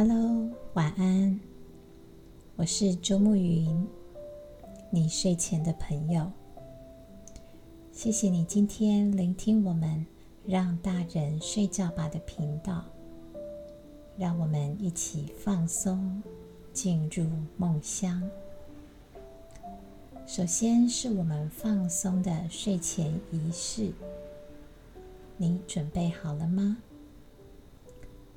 Hello，晚安，我是周沐昀，你睡前的朋友。謝謝你今天聆聽我們“讓大人睡覺吧”的頻道，讓我們一起放鬆，進入夢鄉。首先是我們放鬆的睡前儀式，你準備好了嗎？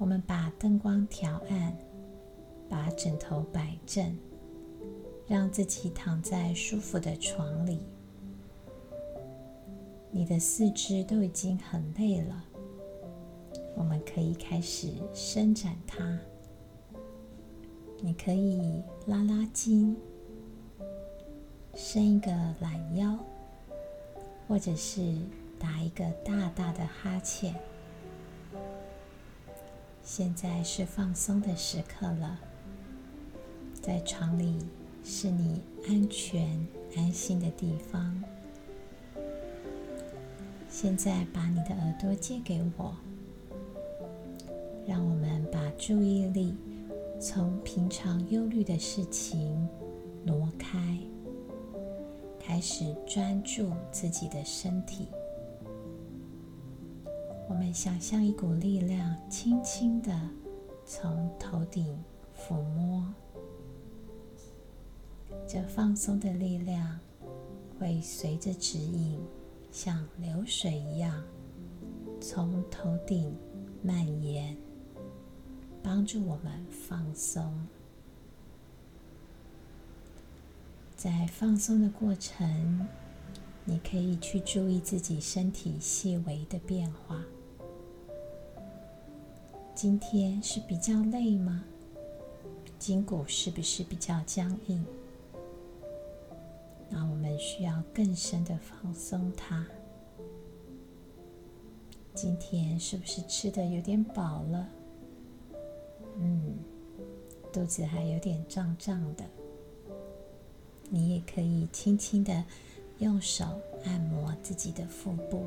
我們把燈光調暗，把枕頭擺正，讓自己躺在舒服的床裡。你的四肢都已經很累了，我們可以開始伸展它。你可以拉拉筋，伸一個懶腰，或者是打一個大大的哈欠。現在是放鬆的時刻了，在床裡是你安全安心的地方。現在把你的耳朵借給我，讓我們把注意力從平常憂慮的事情挪開，開始專注自己的身體。我們想象一股力量，輕輕的從頭頂撫摸。這放鬆的力量會隨着指引，像流水一樣從頭頂蔓延，幫助我們放鬆。在放鬆的過程，你可以去注意自己身體細微的變化。今天是比較累嗎？筋骨是不是比較僵硬？那我們需要更深的放鬆它。今天是不是吃得有點飽了？嗯，肚子還有點脹脹的。你也可以輕輕的用手按摩自己的腹部，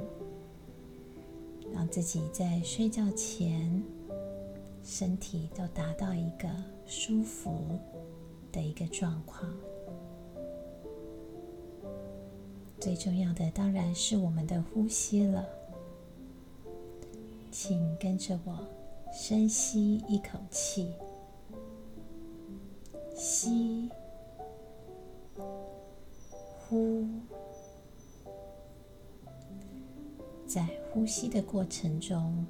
讓自己在睡覺前。身體都達到一個舒服的一個狀況。最重要的當然是我們的呼吸了，請跟着我深吸一口氣，吸，呼，在呼吸的過程中。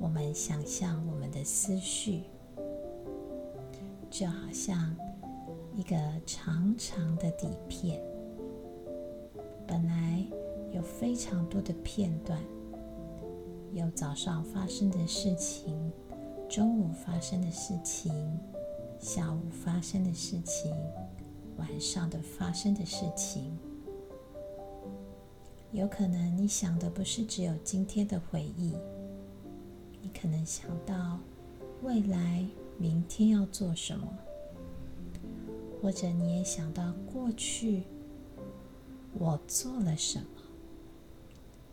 我們想象我們的思緒，就好像一個長長的底片，本來有非常多的片段，有早上發生的事情，中午發生的事情，下午發生的事情，晚上的發生的事情。有可能你想的不是只有今天的回憶。可能想到未來明天要做什麼，或者你也想到過去我做了什麼，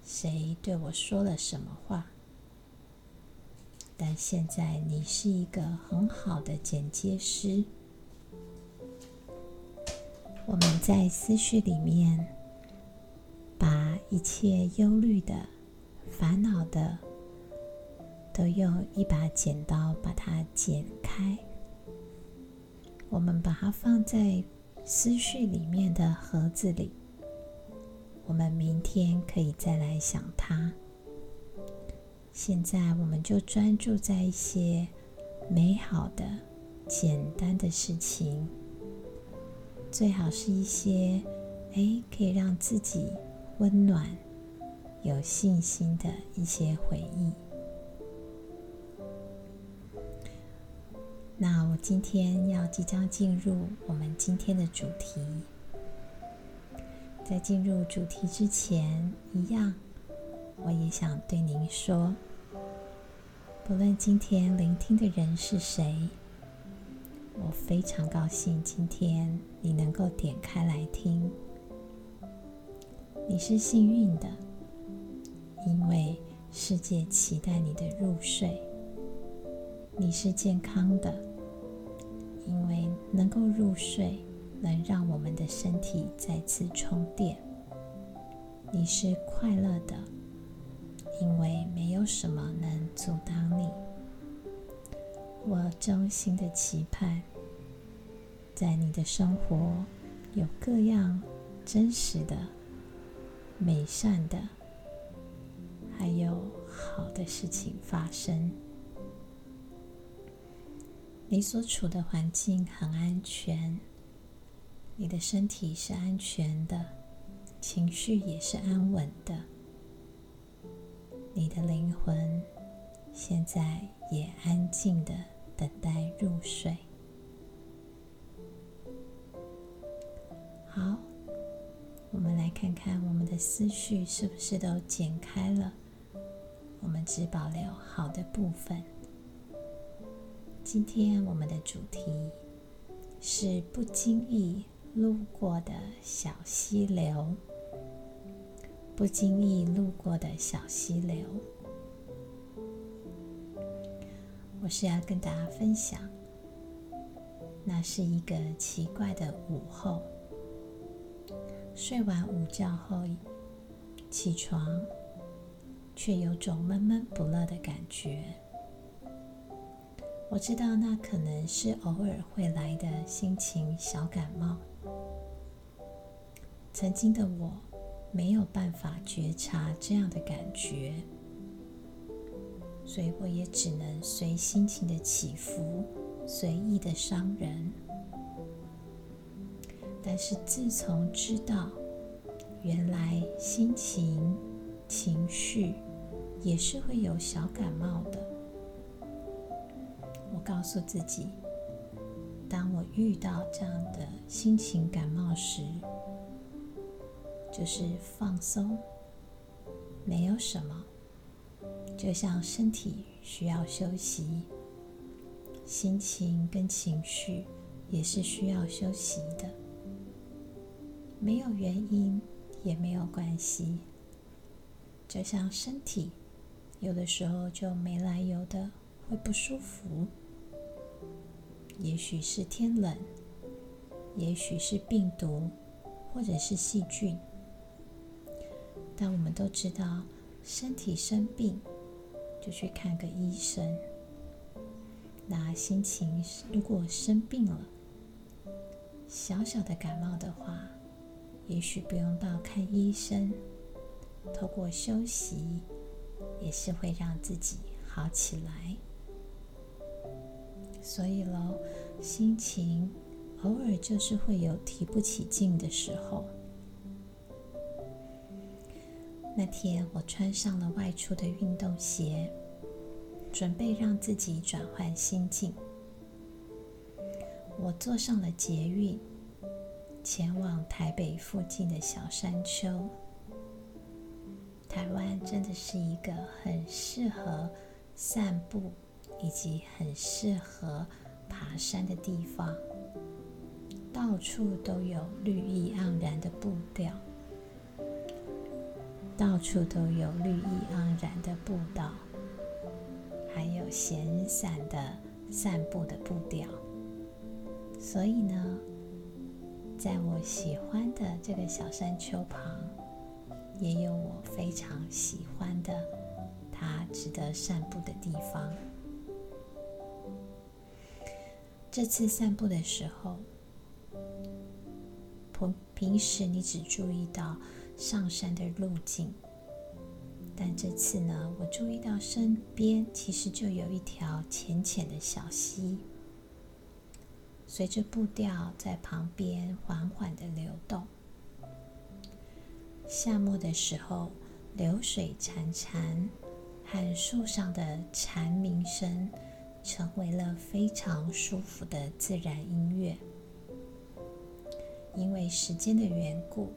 誰對我說了什麼話。但現在你是一個很好的剪接師，我們在思緒裡面把一切憂慮的、煩惱的。都用一把剪刀把它剪開。我們把它放在思緒裡面的盒子裡。我們明天可以再來想它。現在我們就專注在一些美好的、簡單的事情，最好是一些，哎，可以讓自己溫暖、有信心的一些回憶。那我今天要即將進入我們今天的主題，在進入主題之前，一樣，我也想對您說，不論今天聆聽的人是誰，我非常高興今天你能夠點開來聽，你是幸運的，因為世界期待你的入睡，你是健康的。因為能夠入睡，能讓我們的身體再次充電。你是快樂的，因為沒有什麼能阻擋你。我衷心的期盼，在你的生活有各樣真實的、美善的，還有好的事情發生。你所處的環境很安全，你的身體是安全的，情緒也是安穩的，你的靈魂現在也安靜地等待入睡。好，我們來看看我們的思緒是不是都剪開了，我們只保留好的部分。今天我們的主題是不經意路過的小溪流。不經意路過的小溪流，我是要跟大家分享。那是一個奇怪的午後，睡完午覺後起床，卻有種悶悶不樂的感覺。我知道那可能是偶爾會來的心情小感冒。曾經的我沒有辦法覺察這樣的感覺，所以我也只能隨心情的起伏隨意的傷人。但是自從知道，原來心情情緒也是會有小感冒的。我告訴自己，當我遇到這樣的心情感冒時，就是放鬆，沒有什麼，就像身體需要休息，心情跟情緒也是需要休息的，沒有原因也沒有關係，就像身體有的時候就沒來由的會不舒服。也許是天冷，也許是病毒，或者是細菌。但我們都知道，身體生病，就去看個醫生。那心情如果生病了，小小的感冒的話，也許不用到看醫生，透過休息也是會讓自己好起來。所以嘍，心情偶爾就是會有提不起勁的時候。那天我穿上了外出的運動鞋，準備讓自己轉換心境。我坐上了捷運，前往台北附近的小山丘。台灣真的是一個很適合散步。以及很適合爬山的地方，到處都有綠意盎然的步調，到處都有綠意盎然的步道，還有閒散的散步的步調。所以呢，在我喜歡的這個小山丘旁，也有我非常喜歡的，它值得散步的地方。這次散步的時候，平時你只注意到上山的路徑，但這次呢，我注意到身邊其實就有一條淺淺的小溪，隨着步調在旁邊緩緩的流動。夏末的時候，流水潺潺，和樹上的蟬鳴聲。成為了非常舒服的自然音樂。因為時間的緣故，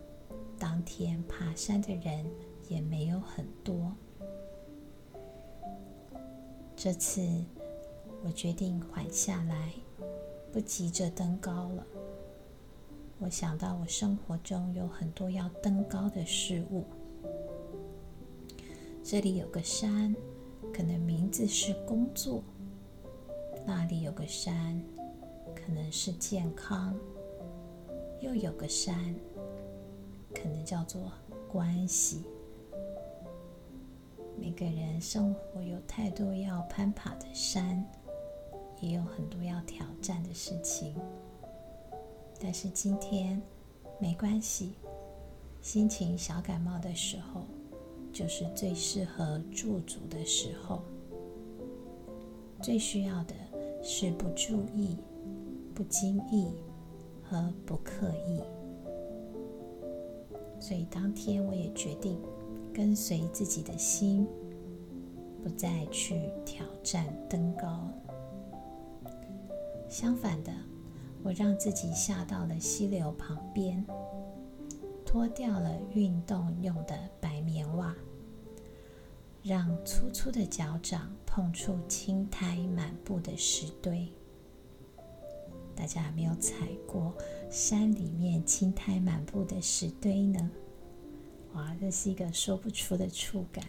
當天爬山的人也沒有很多。這次我決定緩下來，不急着登高了。我想到我生活中有很多要登高的事物，這裡有個山，可能名字是工作。那裡有個山，可能是健康；又有個山，可能叫做關係。每個人生活有太多要攀爬的山，也有很多要挑戰的事情。但是今天沒關係，心情小感冒的時候，就是最適合駐足的時候，最需要的。是不注意、不經意和不刻意，所以當天我也決定跟隨自己的心，不再去挑戰登高。相反的，我讓自己下到了溪流旁邊，脫掉了運動用的白棉襪，讓粗粗的腳掌碰觸青苔滿布的石堆，大家有沒有踩過山裡面青苔滿布的石堆呢？哇，這是一個說不出的觸感。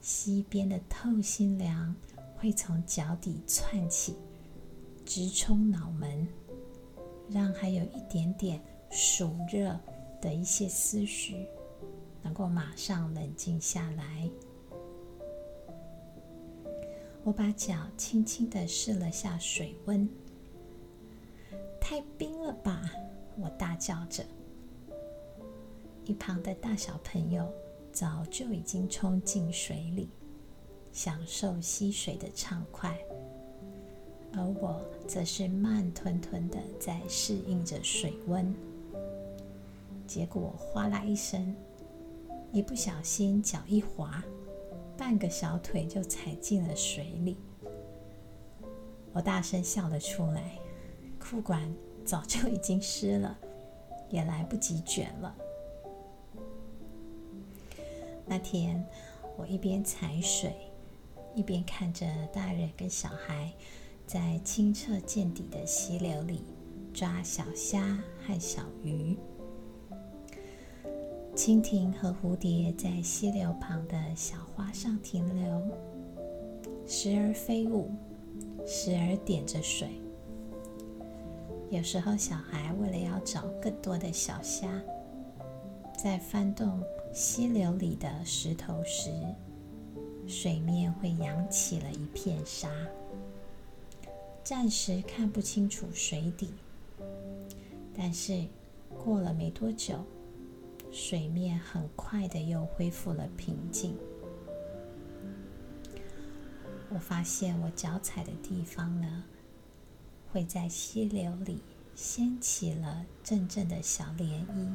溪邊的透心涼會從腳底竄起，直衝腦門，讓還有一點點暑熱的一些思緒能夠馬上冷靜下來。我把腳輕輕地試了下水溫，太冰了吧！我大叫着。一旁的大小朋友早就已經衝進水裡，享受嬉水的暢快，而我則是慢吞吞的在適應着水溫。結果嘩啦一聲，一不小心腳一滑。半個小腿就踩進了水裡，我大聲笑了出來。褲管早就已經濕了，也來不及捲了。那天我一邊踩水，一邊看着大人跟小孩在清澈見底的溪流裡抓小蝦和小魚。蜻蜓和蝴蝶在溪流旁的小花上停留，時而飛舞，時而點着水。有時候，小孩為了要找更多的小蝦，在翻動溪流裡的石頭時，水面會揚起了一片沙，暫時看不清楚水底。但是過了沒多久。水面很快地又恢復了平靜。我發現我腳踩的地方呢，會在溪流裡掀起了陣陣的小漣漪。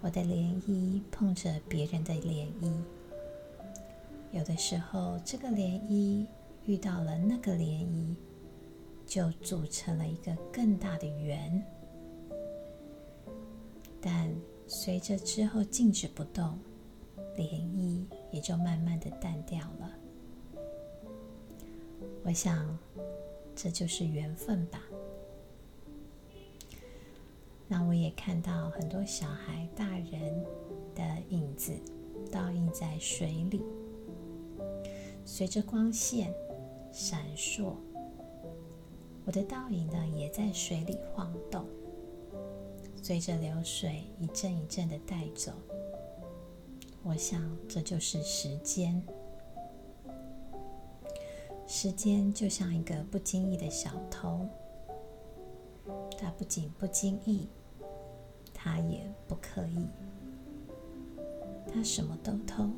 我的漣漪碰着別人的漣漪，有的時候這個漣漪遇到了那個漣漪，就組成了一個更大的圓。但隨着之後靜止不動，漣漪也就慢慢的淡掉了。我想這就是緣分吧。那我也看到很多小孩、大人的影子，倒映在水裡，隨着光線閃爍，我的倒影呢也在水裡晃動。隨着流水，一陣一陣的帶走，我想這就是時間。時間就像一個不經意的小偷，他不僅不經意，他也不刻意，他什麼都偷。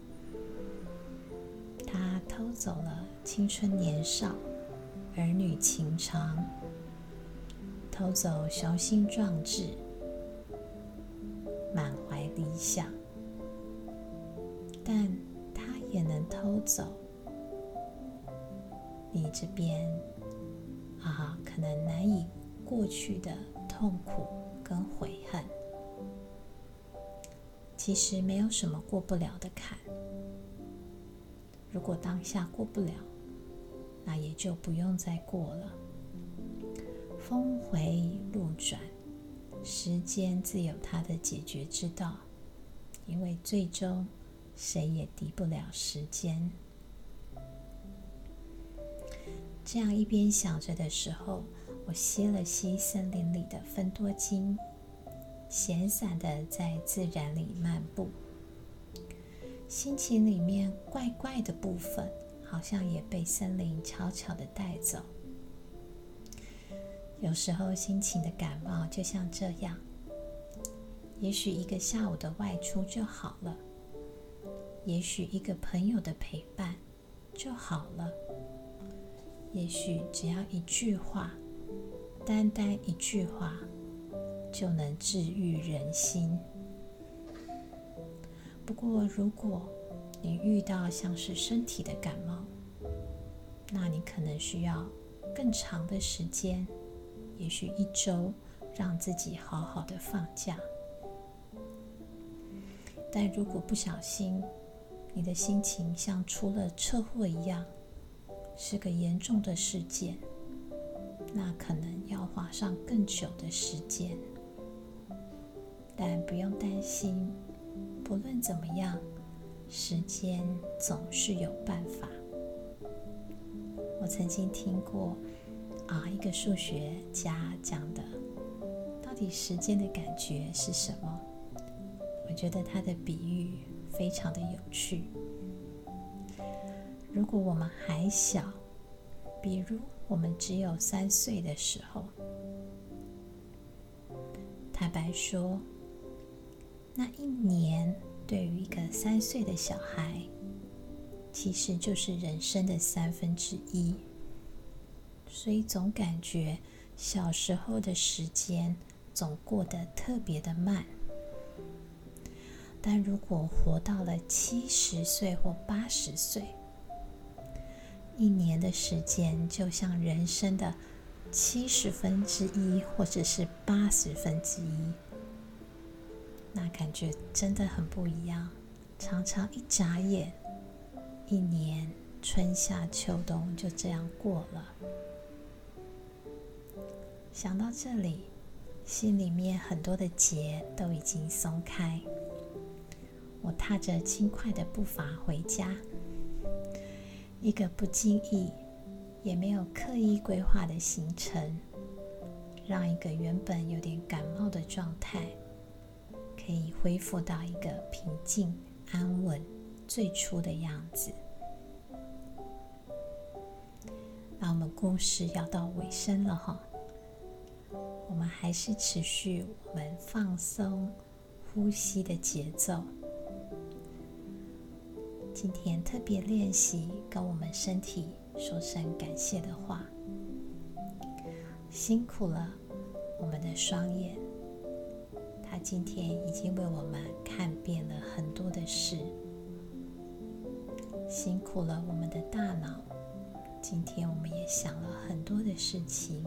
他偷走了青春年少、兒女情長，偷走雄心壯志。滿懷理想，但他也能偷走你這邊啊，可能難以過去的痛苦跟悔恨。其實沒有什麼過不了的坎，如果當下過不了，那也就不用再過了。峰回路轉。時間自有它的解決之道，因為最終誰也敵不了時間。這樣一邊想着的時候，我吸了吸森林裡的芬多精，閒散的在自然裡漫步。心情裡面怪怪的部分，好像也被森林悄悄的帶走。有時候心情的感冒就像這樣，也許一個下午的外出就好了，也許一個朋友的陪伴就好了，也許只要一句話，單單一句話就能治癒人心。不過，如果你遇到像是身體的感冒，那你可能需要更長的時間。也許一周讓自己好好的放假，但如果不小心，你的心情像出了車禍一樣，是個嚴重的事件，那可能要花上更久的時間。但不用擔心，不論怎麼樣，時間總是有辦法。我曾經聽過。啊，一個數學家講的，到底時間的感覺是什麼？我覺得他的比喻非常的有趣。如果我們還小，比如我們只有三歲的時候，坦白說，那一年對於一個三歲的小孩，其實就是人生的三分之一。所以總感覺小時候的時間總過得特別的慢，但如果活到了七十歲或八十歲，一年的時間就像人生的七十分之一或者是八十分之一，那感覺真的很不一樣。常常一眨眼，一年春夏秋冬就這樣過了。想到這裡，心裡面很多的結都已經鬆開。我踏着輕快的步伐回家，一個不經意，也沒有刻意規劃的行程，讓一個原本有點感冒的狀態，可以恢復到一個平靜、安穩、最初的樣子。那我們故事要到尾聲了哈。我們還是持續我們放鬆呼吸的節奏。今天特別練習跟我們身體說聲感謝的話，辛苦了，我們的雙眼，他今天已經為我們看遍了很多的事。辛苦了，我們的大腦，今天我們也想了很多的事情。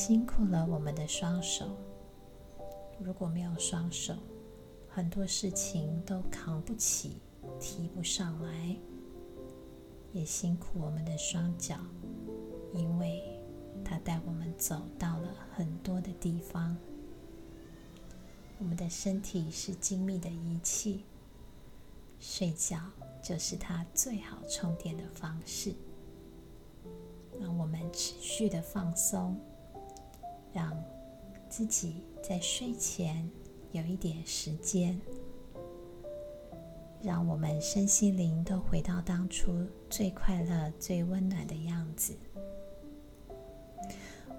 辛苦了我們的雙手，如果沒有雙手，很多事情都扛不起、提不上來。也辛苦我們的雙腳，因為它帶我們走到了很多的地方。我們的身體是精密的儀器，睡覺就是它最好充電的方式，讓我們持續的放鬆。讓自己在睡前有一點時間，讓我們身心靈都回到當初最快樂、最溫暖的樣子。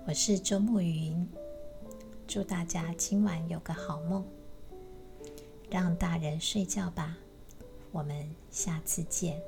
我是周沐昀，祝大家今晚有個好夢。讓大人睡覺吧，我們下次見。